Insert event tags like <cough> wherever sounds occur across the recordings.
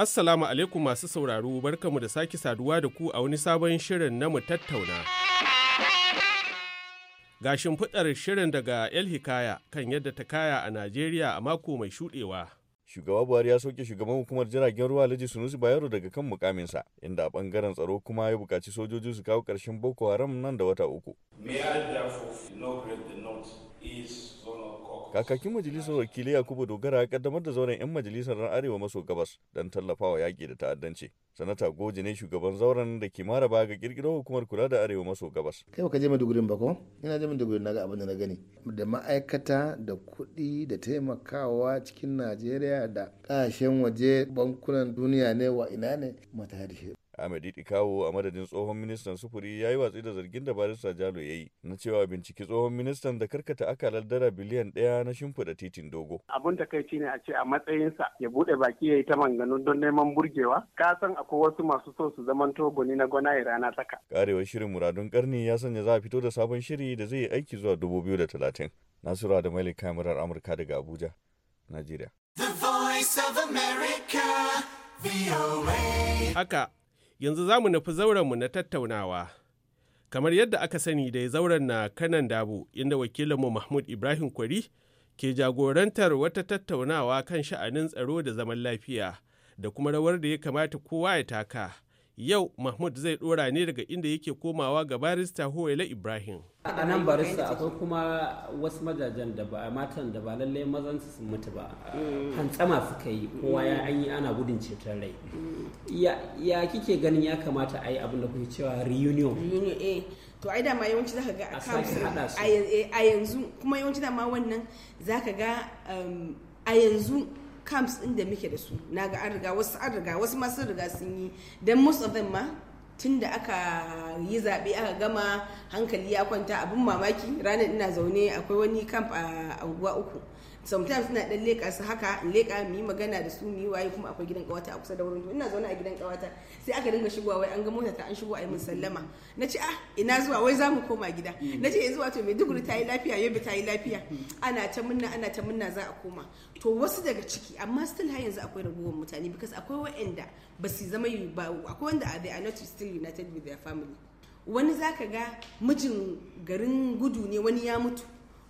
Assalamu alaikum masu sauraro barkamu da sake saduwa da ku a wani sabon shirin na mu tattauna. Ga shimfiɗar shirin daga El Hikaya kan yadda ta kaya a Najeriya a mako mai shuɗewa. Shugaba Buhari ya sauke shugaban hukumar jiragen ruwa Alhaji Sunusi Bayero daga kan mukaminsa, inda a ɓangaren tsaro kuma ya buƙaci sojoji su kawo ƙarshen Boko Haram nan da wata uku. May I therefore inaugurate the note is Kakakin majalisar wakilai Yakubu Dogara ya kaddamar da zauren 'yan majalisar ran Arewa maso gabas don tallafawa yaƙi da ta'addanci. Sanata Goji ne shugaban zauren da ke mara baya ga kirkiro hukumar kula da Arewa maso gabas. Kai baka je Maiduguri ba ko? Ina je Maiduguri na ga abin da na gani. Da ma'aikata da kuɗi da taimakawa cikin Najeriya da ƙasashen waje bankunan duniya ne wa ina ne mata da shi. Ahmed Kawo a madadin tsohon ministan sufuri ya yi watsi da zargin da barista Jalo ya yi na cewa binciki tsohon ministan da karkata akalar dara biliyan ɗaya na shimfiɗa titin dogo. Abun takaici ne a ce a matsayinsa ya buɗe baki ya yi ta manganu don neman burgewa. Ka san akwai wasu masu so su zaman togoni na gwana ya rana tsaka. Karewar shirin muradun karni ya sanya za a fito da sabon shiri da zai yi aiki zuwa dubu biyu da talatin. nasiru da Malik kamarar Amurka daga Abuja, Najeriya. The Voice of America, VOA. Haka yanzu za mu nufi zaurenmu na tattaunawa. Kamar yadda aka sani da zauren na kanan dabu inda wakilinmu Mahmud Ibrahim Kwari ke jagorantar wata tattaunawa kan sha'anin tsaro da zaman lafiya da kuma rawar da ya kamata kowa ya taka Yau Mahmud zai dora ne daga inda yake komawa ga barista Huwaila Ibrahim. A nan barista akwai kuma wasu majajen da ba matan da ba lallai mazan su sun mutu ba. Mm. Hantsama suka yi kowa ya an yi ana gudun ceton rai. Mm. Ya kike ganin ya kamata a yi abin da kuke cewa reunion. Eh. To ai dama yawanci zaka ga eh, a yanzu kuma yawanci dama wannan zaka ga um, a yanzu camps din da muke da su na ga an riga wasu an riga wasu masu riga sun yi dan most of them ma tun da aka yi zaɓe aka gama hankali ya kwanta abin mamaki ranar ina zaune akwai wani camp a anguwa uku sometimes ina dan leka su haka leka mu yi magana da su mu yi waye kuma akwai gidan kawata a kusa da wurin ina zaune a gidan kawata sai aka dinga shigowa wai an ga mota ta an shigo a yi min sallama nace ah ina zuwa wai za mu koma gida nace yanzu eh, wato mai duguri ta yi lafiya Yobe ta yi lafiya ana ta munna ana ta munna za a koma to wasu daga ciki amma still har yanzu akwai ragowar mutane because akwai waɗanda ba su zama ba akwai wanda a are not still united with their family wani zaka ga mijin garin gudu ne wani ya mutu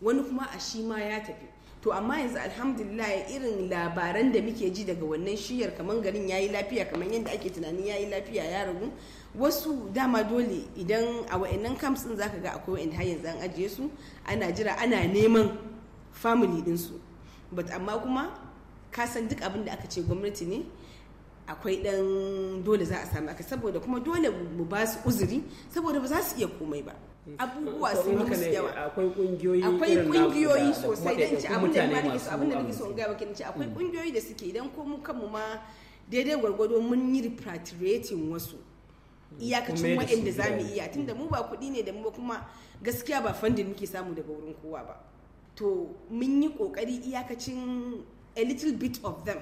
wani kuma a shi ma ya tafi to amma yanzu alhamdulillah irin labaran da muke ji daga wannan shiyar kamar garin yayi lafiya kamar yadda ake tunanin yayi lafiya ya ragu wasu dama dole idan a wa'annan camps din zaka ga akwai wa'anda har yanzu an ajiye su ana jira ana neman family din su but amma kuma ka san duk abin da aka ce gwamnati ne akwai dan dole za a samu aka saboda kuma dole mu ba su uzuri saboda ba za su iya komai ba abubuwa sun yi musu yawa akwai kungiyoyi akwai kungiyoyi sosai dan ci abin da nake so abin da nake so ga baki ci akwai kungiyoyi mm. da suke idan ko mu kanmu ma daidai gwargwado mun yi repatriating wasu mm. iyakacin waɗanda za mu iya tunda mu ba kuɗi ne da mu kuma gaskiya ba fandin muke samu daga wurin kowa ba to mun yi ƙoƙari iyakacin a little bit of them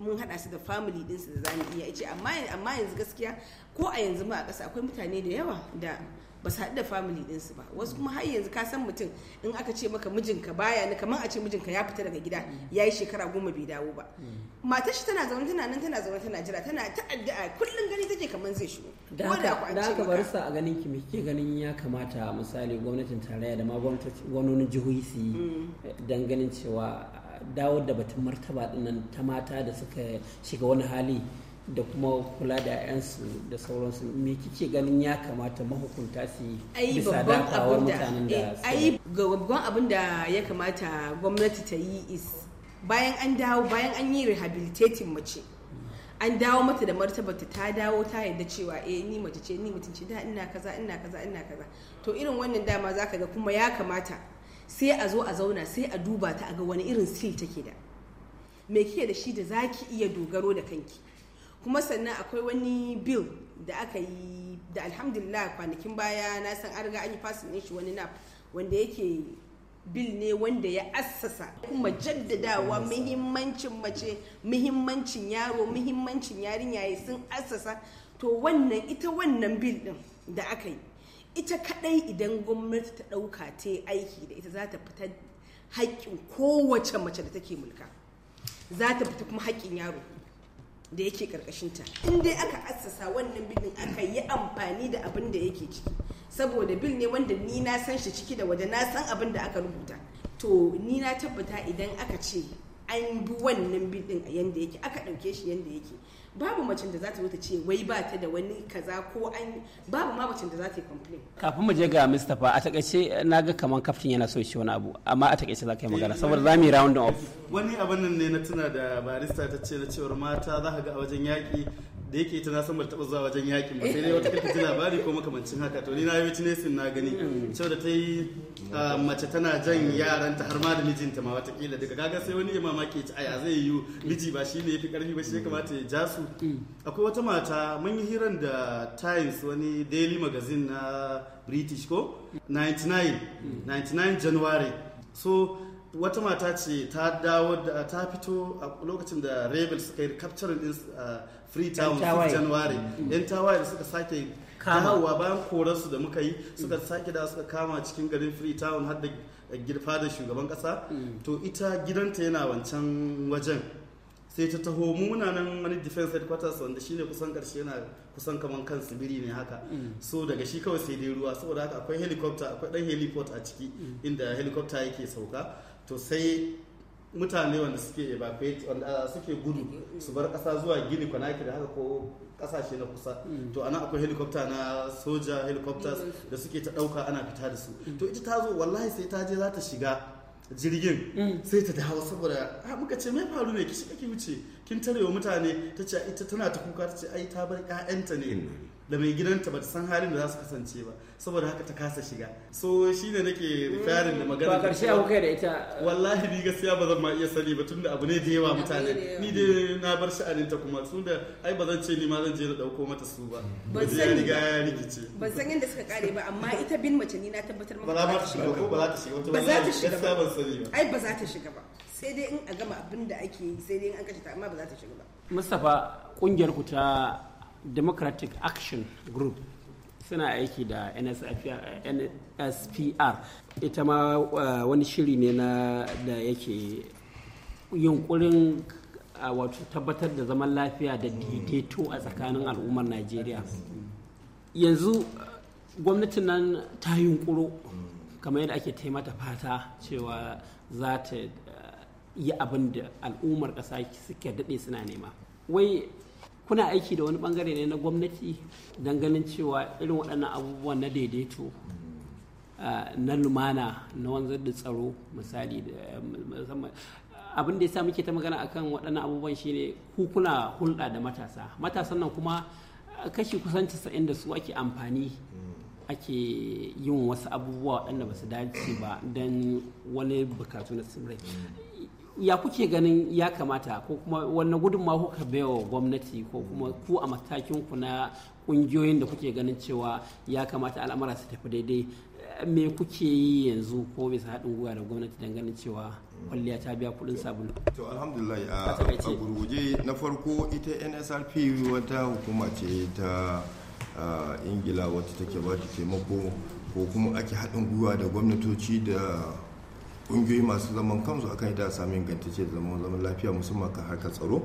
mun haɗa su da family su da zamu iya ce amma yanzu gaskiya ko a yanzu ma a ƙasa akwai mutane da yawa da ba su haɗu da family su ba wasu kuma har yanzu ka san mutum in aka ce maka mijinka baya ni kamar a ce mijinka ya fita daga gida ya yi shekara goma bai dawo ba matar shi tana zaune tana nan tana zaune tana jira tana ta addu'a kullum gani take kaman zai shigo da haka da sa a ganin ki me kike ganin ya kamata misali gwamnatin tarayya da ma gwamnatin jihohi su yi mm. dan ganin cewa dawo da batun martaba dinnan ta mata da suka shiga wani hali da kuma kula da 'yansu da sauransu me kike ganin ya kamata mahukunta su yi bisa dakawar mutanen da su babban abin da ya kamata gwamnati ta yi is bayan an dawo bayan an yi rehabilitating mace an dawo mata da martabarta ta dawo ta yadda cewa eh ni mace ce ni mutunci da ina kaza ina kaza ina kaza to irin wannan dama zaka ga kuma ya kamata sai a zo a zauna sai a duba ta a ga wani irin skill take da me kike da shi da zaki iya dogaro da kanki kuma sannan akwai wani bill da aka yi da alhamdulillah kwanakin baya na san an riga an yi fasin shi wani nap wanda yake bil ne wanda ya assasa kuma jaddadawa muhimmancin mace muhimmancin yaro muhimmancin yarinya sun assasa to wannan ita wannan bil din da aka yi ita kadai idan gwamnati ta dauka ta aiki da ita za ta fita haƙƙin kowace mace da take mulka za ta fita kuma haƙƙin yaro da yake karkashinta in dai aka assasa wannan bilin aka yi amfani da abin da yake ciki saboda bil ne wanda ni na san shi ciki da wajen na san abin da aka rubuta to ni na tabbata idan aka ce an bi wannan bilin a yanda yake aka ɗauke shi yanda yake babu macin da za ta zo ta ce wai ba ta da wani kaza ko an babu ma macin da za ta yi complain kafin mu je ga Mustapha a takaice na ga kaman kaftin yana so shi wani abu amma a takaice za ka yi magana eh, saboda za mu yi round off wani abin nan ne na tuna da barista ta ce na cewar mata za ka ga a wajen yaƙi da yake ita na san bata taba zuwa wajen yakin ba sai dai wata kalki ji bari ko makamancin haka to ni na yi witnessing na gani cewa da ta yi ah, mace tana jan yaranta har ma da mijinta ma watakila daga gaga sai wani ya mamaki ci aya zai yiwu miji ba shi ne ya fi karfi ba shi ya kamata ya ja su mm. akwai wata mata mun yi hiran da times wani daily magazine na british ko 99 99 mm. january so wata mata ce ta dawo da ta fito a lokacin da Rebels suka yi capturing din ah, freetown january mm-hmm. yan tawaye da suka sake kamawa bayan korarsu da muka yi mm. suka sake da suka kama cikin garin freetown har da eh, girfa da shugaban kasa mm. to ita gidanta yana wancan wajen sai ta taho munanan wani defense headquarters wanda shine kusan karshe yana kusan kaman kan sibiri ne haka mm. so daga shi kawai sai dai ruwa saboda haka akwai helicopter akwai dan heliport a ciki inda helicopter yake sauka to sai mutane wanda suke evacuate wanda suke gudu su bar kasa zuwa gini kwanaki da haka ko kasashe na kusa mm. to ana akwai helicopter na soja helicopters mm. da suke ta dauka ana fita da su to ita ta zo wallahi sai ta je za ta shiga jirgin mm. sai ta dawo saboda a ah, muka ce mai faru ne ki shiga ki wuce kin tarewa mutane ta ce ita tana ta kuka ta ce ai ta bar ƴaƴanta ne da mai gidanta ba ta san halin da za su kasance ba saboda haka ta kasa shiga so shine nake rifarin da magana ba karshe abu kai da ita wallahi ni gaskiya ba zan ma iya sani ba tunda abu ne da yawa mutane ni dai na bar sha'aninta kuma tunda ai ba zan ce ni ma zan je da dauko mata su ba ba zan riga ya rikice ba san yadda suka kare ba amma ita bin mace ni na tabbatar maka ba za ta shiga ko ba za ta shiga ba za ta shiga ba ai ba za ta shiga ba sai dai in a gama abin da ake yi sai dai in an kashe ta amma ba za ta shiga ba Mustapha kungiyar ku ta democratic action group suna aiki da nspr ita ma eh, wani shiri ne na da yake yunkurin eh, wato tabbatar da zaman lafiya da daidaito a tsakanin al'ummar najeriya yanzu eh, gwamnatin nan ta yunkuro kamar yadda ake taimata fata cewa za ta yi abin da al'ummar ƙasa suke daɗe suna nema wai kuna aiki da wani bangare ne na gwamnati don ganin cewa irin waɗannan abubuwan na daidaito na lumana na wanzar da tsaro misali abin da ya sa muke ta magana akan waɗannan abubuwan shine ku kuna hulɗa da matasa matasan nan kuma kashi kusan casa'in da su ake amfani ake yin wasu abubuwa waɗanda ba su dace ba don wani bukatu na tsirrai. ya kuke ganin ya kamata ko kuma wannan gudunmawa kuka baiwa gwamnati ko kuma ku a matakin ku na kungiyoyin da kuke ganin cewa ya kamata al'amura su tafi daidai eh, me kuke yi yanzu ko bisa haɗin gwiwa da gwamnati don ganin cewa kwalliya ta biya kuɗin sabulu to alhamdulillah a gurguje na farko ita nsrp wata hukuma ce ta ingila wata take ba ta taimako ko kuma ake haɗin gwiwa da gwamnatoci da kungiyoyi masu zaman kansu akan yadda samu samun ingantacce da zaman zaman lafiya musamman kan harkar tsaro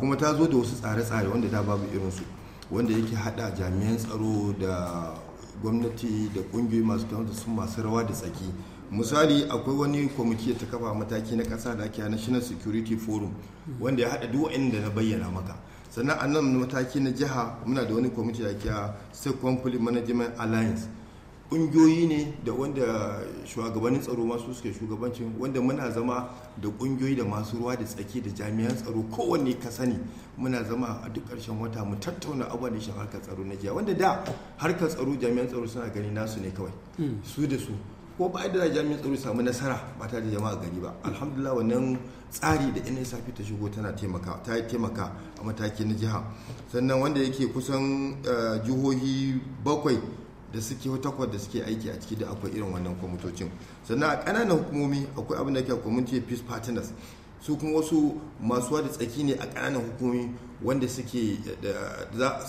kuma ta zo da wasu tsare-tsare wanda da babu irinsu wanda yake hada jami'an tsaro da gwamnati da kungiyoyi masu da sun masu rawa da tsaki misali akwai wani kwamiti ta kafa mataki na kasa da ake national security forum wanda ya hada duk da na bayyana maka sannan a nan mataki na jiha muna da wani kwamiti da ake state conflict management alliance kungiyoyi ne da wanda shugabannin tsaro masu suke shugabancin wanda muna zama da kungiyoyi da masu ruwa da tsaki da jami'an tsaro kowanne ka sani muna zama a duk ƙarshen wata mu tattauna abubuwan da shi harkar tsaro na jiya wanda da harkar tsaro jami'an tsaro suna gani nasu ne kawai hmm. su da su ko ba da jami'an tsaro samu nasara ba ta da jama'a gari ba alhamdulillah wannan tsari da ina safi ta shigo tana taimaka ta taimaka a mataki na jiha sannan wanda yake kusan eh, jihohi bakwai da suke takwas da suke aiki a ciki da akwai irin wannan kwamitocin sannan a ƙananan hukumomi akwai abin da ke community peace partners su kuma wasu masu da tsaki ne a kananan hukumomi wanda suke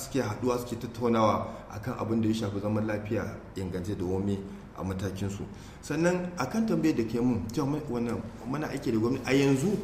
suke haduwa suke tattaunawa akan abin da ya shafi zaman lafiya ingance da wame a matakin su sannan akan tambayar da ke mun cewa muna aiki da gwamnati a yanzu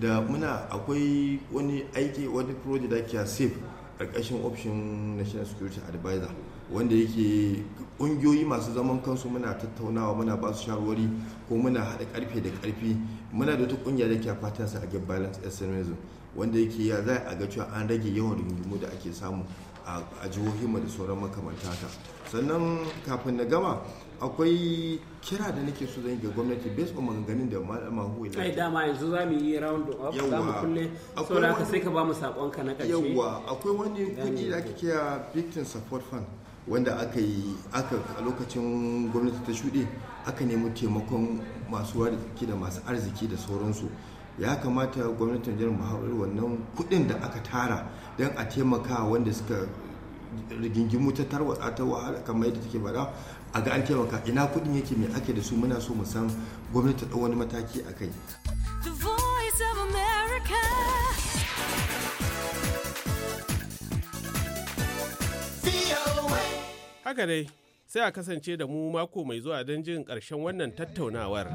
da muna akwai wani aiki wani project da ke safe ƙarƙashin option national security advisor wanda yake ƙungiyoyi masu zaman kansu muna tattaunawa muna ba su shawarwari ko muna haɗa ƙarfe da ƙarfi muna da wata ƙungiya da ke fatan sa a get balance extremism wanda yake ya za a ga cewa an rage yawan rungumu da ake samu a jihohinmu da sauran makamanta ta sannan kafin na gama akwai kira da nake so zan ga gwamnati based on maganganun da malama huwa ai dama yanzu za mu yi round up za mu kulle saboda haka sai ka ba mu sakonka na kace yawa akwai wani kudi da ake kira victim support fund wanda aka yi aka a lokacin gwamnati ta shuɗe aka nemi taimakon masu wari da masu arziki da sauransu ya kamata gwamnatin jiran mahaɗar wannan kuɗin da aka tara don a taimaka wanda suka rigingimu ta tarwatsa ta wahala kamar yadda take faɗa a ga an taimaka ina kuɗin yake mai ake da su muna so mu san gwamnati ta ɗau wani mataki a kai haka dai sai a kasance da mu mako mai zuwa don jin karshen wannan tattaunawar.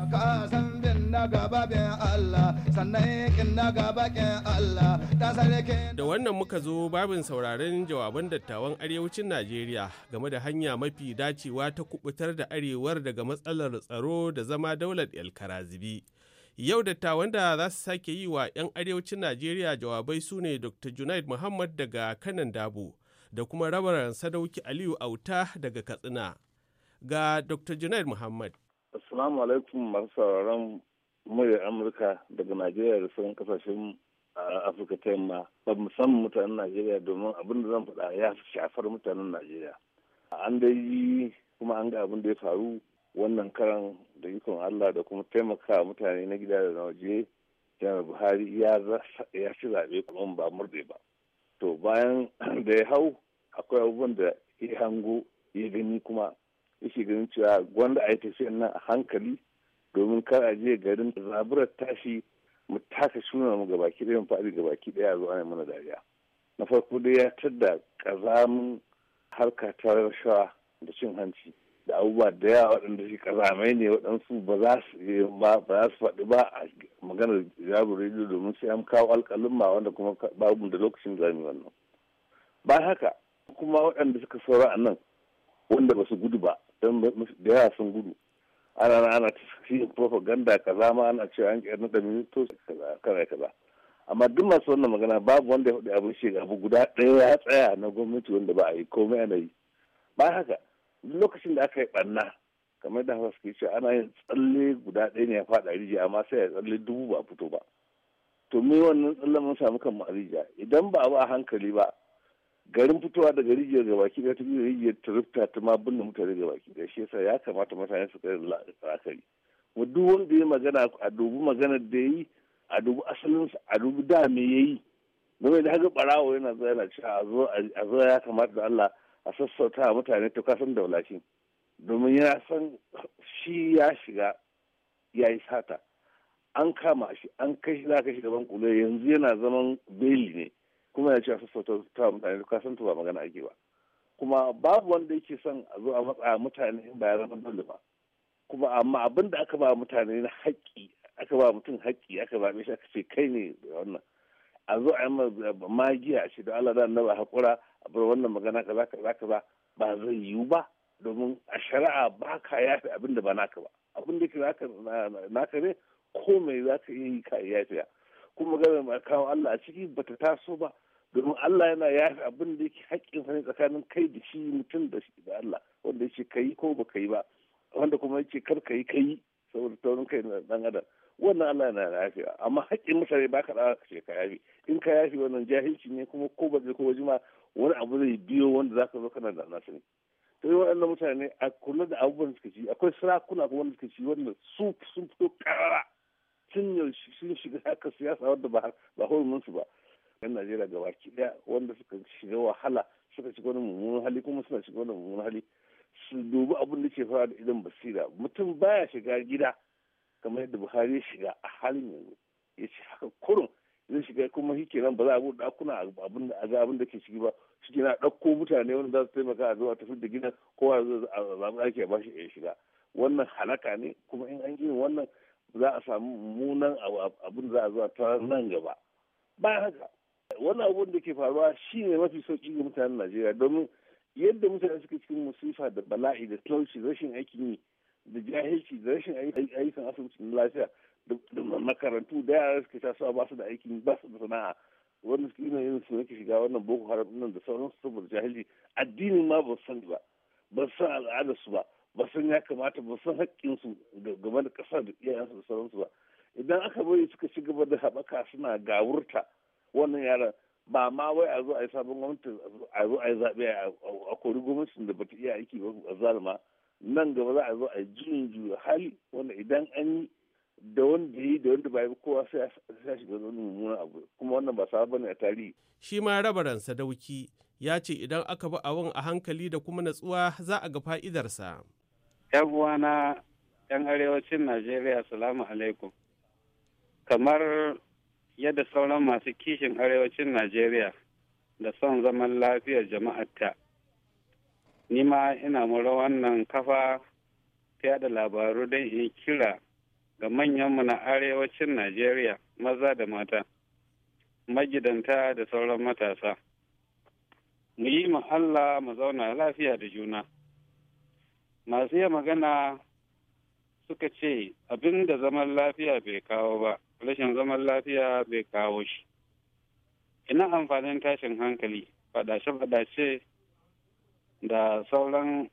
Da wannan muka zo babin sauraron jawaban dattawan arewacin Najeriya game da hanya mafi dacewa ta kubutar da arewar daga matsalar tsaro da zama daular El Yau dattawan da za su sake yi wa 'yan arewacin Najeriya jawabai su ne Dr. Junaid Muhammad daga kanan Dabo. da kuma rabaran sadauki Aliyu Auta daga Katsina. Ga Dr. Junaid Muhammad. Assalamu alaikum masu sauraron muryar Amurka daga Najeriya da sauran kasashen Afirka ta yamma ba musamman mutanen Najeriya domin abin da zan faɗa ya shafar mutanen Najeriya. An dai yi kuma an ga abin da ya faru wannan karan da ikon Allah da kuma taimaka mutane na gida da na waje. Janar Buhari ya ci zaɓe kuma ba murɗe ba. to bayan <clears throat> da ya hau akwai abubuwan da ya hango ya gani kuma yake ganin cewa gwanda a yi tafiyan nan a hankali domin kar a je garin zaburar tashi mu taka suna mu gabaki ɗaya mu faɗi gabaki ɗaya zuwa ne mana dariya na farko dai ya tadda ƙazamin harka ta rashawa da cin hanci da abubuwa da yawa waɗanda shi ƙazamai ne waɗansu ba za su ba za su faɗi ba a maganar jabin rediyo domin sai an kawo alƙalin ma wanda kuma babu da lokacin da wannan ba haka kuma waɗanda suka saura a nan wanda ba su gudu ba don da yawa sun gudu ana na ana yin propaganda kaza ma ana cewa an ƙyar naɗa ministoci kaza kaza amma duk masu wannan magana babu wanda ya faɗi abin shi abu guda ɗaya ya tsaya na gwamnati wanda ba a yi komai ana yi ba haka lokacin da aka yi ɓanna kamar da hausa suke cewa ana yin tsalle guda ɗaya ne ya faɗa rijiya amma sai ya tsalle dubu ba fito ba to me wannan tsallen mun samu kan rijiya idan ba a ba hankali ba garin fitowa daga rijiyar ga baki ɗaya ta biyu rijiyar ta rufta ta ma binne mutane ga baki ɗaya shi yasa ya kamata mutane su kai la'akari mu duk wanda ya magana a dubu maganar da ya yi a asalin asalinsa a dubu da me ya yi domin da haka ɓarawo yana zuwa yana cewa a zo ya kamata da Allah a sassauta mutane to kasan daulashi domin ya san shi ya shiga ya yi sata an kama shi an kai shi za shi gaban kula yanzu yana zaman beli ne kuma ya ce a sassauta ta mutane kasan ta ba magana ake ba kuma babu wanda yake son a zo a matsa mutane ba ya zama dole ba kuma amma abin da aka ba mutane na haƙƙi aka ba mutum haƙƙi aka ba shi aka ce kai ne wannan a zo a yi magiya ce da Allah da annaba haƙura bar wannan magana kaza kaza kaza ba zai yiwu ba domin a shari'a ba ka yafe abin da ba naka ba abin da ke naka ne ko mai za ka yi ka yafe kuma magana mai kawo Allah a ciki ba ta taso ba domin Allah yana yafe abin da yake haƙƙin sa ne tsakanin kai da shi mutum da shi da Allah wanda yake kai ko ba kai ba wanda kuma yake kar kai kai saboda taurin kai na dan adam wannan Allah yana yafe amma haƙƙin mutane ba ka da ka ce ka yafe in ka yafe wannan jahilci ne kuma ko ba ko ba jima wani abu zai biyo wanda za ka zo kana da nasu ne sai waɗannan mutane a kula da abubuwan suka ci akwai sarakuna kuma wanda suka ci wanda su sun fito karara sun sun shiga haka siyasa wanda ba ba su ba yan Najeriya gaba baki daya wanda suka shiga wahala suka shiga wani mummunan hali kuma suna shiga wani mummunan hali su dubi abin da ke fara da idan basira mutum baya shiga gida kamar yadda Buhari ya shiga a halin yanzu ya ce haka kurun zai shiga kuma shi kenan ba za a buɗe ɗakuna a ga abin da ke ciki ba shi kenan ɗauko mutane wanda za su taimaka a zuwa tafi da gidan kowa a zaɓi ake ba shi ya shiga wannan halaka ne kuma in an gina wannan za a samu mummunan abin za a zuwa ta nan gaba ba haka wannan abu da ke faruwa shi ne mafi sauƙi ga mutanen najeriya domin yadda mutane suke cikin musifa da bala'i da talauci rashin aikin yi da jahilci da rashin ayyukan asibiti na lafiya makarantu da yara suke tasowa ba su da aikin ba su da sana'a wanda su ina yin su nake shiga wannan boko haram nan da su saboda jahilci addinin ma ba su sani ba ba su san al'adarsu ba ba san ya kamata ba san haƙƙinsu game da ƙasa da iyayensu da sauransu ba idan aka bari suka ci gaba da haɓaka suna gawurta wannan yara ba ma wai a zo a yi sabon gwamnati a zo a yi zaɓe a kori gwamnatin da bata iya aiki ba a zalima nan gaba za a zo a juyin juya hali wanda idan an yi da wanda yi da wanda bai kowa sai ya shiga wani mummuna abu kuma wannan ba sa bane a tarihi shi ma rabaran sadauki ya ce idan aka bi abin a hankali da kuma natsuwa za a ga fa'idarsa yan uwana yan arewacin najeriya salamu alaikum kamar yadda sauran masu kishin arewacin najeriya da son zaman lafiyar jama'arta ni ma ina mura wannan kafa fiye da labaru don in kira ga manyanmu na arewacin Najeriya maza da mata, magidanta da sauran matasa. Mu yi ma Allah mu zauna lafiya da juna. Masu iya magana suka ce abin da zaman lafiya bai kawo ba, rashin zaman lafiya bai kawo shi. Ina amfanin tashin hankali, fadace-fadace da sauran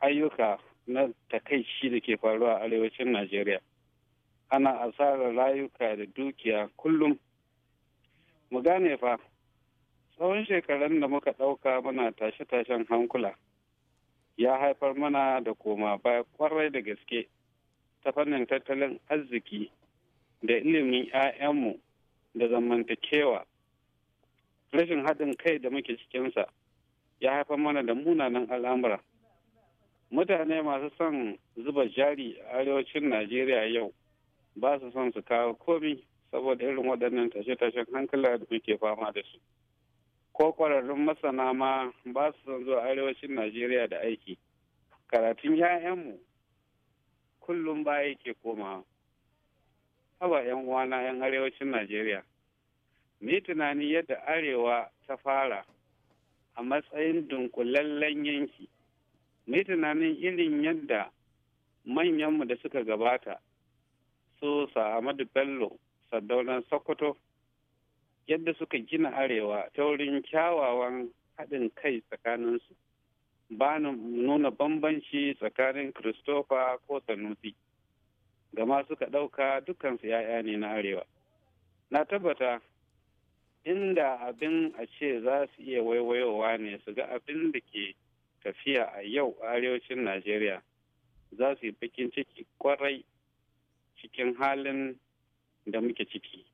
ayyuka na takaici da ke faruwa a arewacin Najeriya. ana asarar rayuka da dukiya kullum mu gane fa tsawon shekarun da muka ɗauka muna tashe-tashen hankula ya haifar mana da koma baya kwarai da gaske ta fannin tattalin arziki da ilimin 'ya'yanmu da zamantakewa rashin haɗin kai da muke cikinsa ya haifar mana da munanan al'amura mutane masu son zuba jari a arewacin najeriya yau ba su son su kawo komi saboda irin waɗannan tashe-tashen hankala da muke fama da su ko ƙwararrun masana ma ba su son zuwa arewacin najeriya da aiki karatun 'ya'yanmu kullum ba yake komawa haba 'yan uwana 'yan arewacin najeriya ni tunani yadda arewa ta fara a matsayin dunkulallen yanki ni tunanin irin yadda manyanmu da suka gabata su Ahmadu Bello sadaunan Sokoto yadda suka gina arewa ta wurin kyawawan haɗin kai tsakaninsu ba nuna bambanci tsakanin Christopher ko Sanusi gama suka ɗauka dukansu 'ya'ya ne na arewa. Na tabbata inda abin a ce za su iya waiwayowa ne su ga abin da ke tafiya a yau arewacin Najeriya za su yi bakin ciki kwarai cikin halin da muke ciki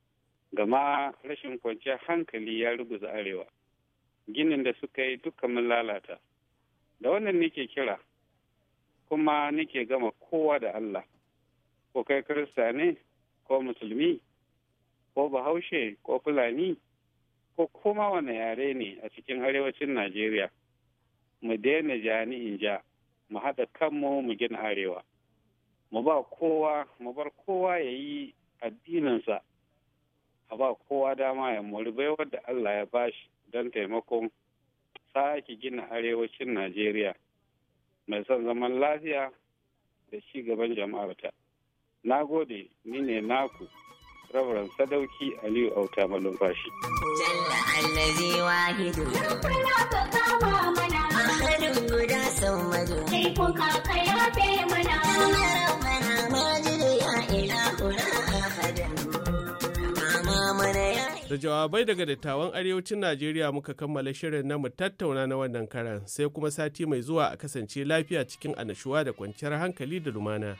gama rashin kwanciyar hankali ya ruguza arewa ginin da suka yi duka mun lalata da wannan nake kira kuma nake gama kowa da allah ko kai kirista ne ko musulmi ko bahaushe ko fulani ko kuma wane yare ne a cikin arewacin najeriya mu daina ja in ja mu haɗa kanmu mu gina arewa mu ba kowa mu bar kowa ya yi addininsa a ba kowa dama ya mori bai da Allah ya bashi don taimakon sake gina arewacin Najeriya mai son zaman lafiya da ci gaban jama'arta. Na gode, ni ne naku, Rabaran Sadauki Aliyu Auta Malumfashi. Jalla Allah sun Sai kuka mana. Mana majiru ya ila Da jawabai daga dattawan arewacin Najeriya muka kammala shirin na mu tattauna na wannan karan sai kuma sati mai zuwa a kasance lafiya cikin anashuwa da kwanciyar hankali da lumana.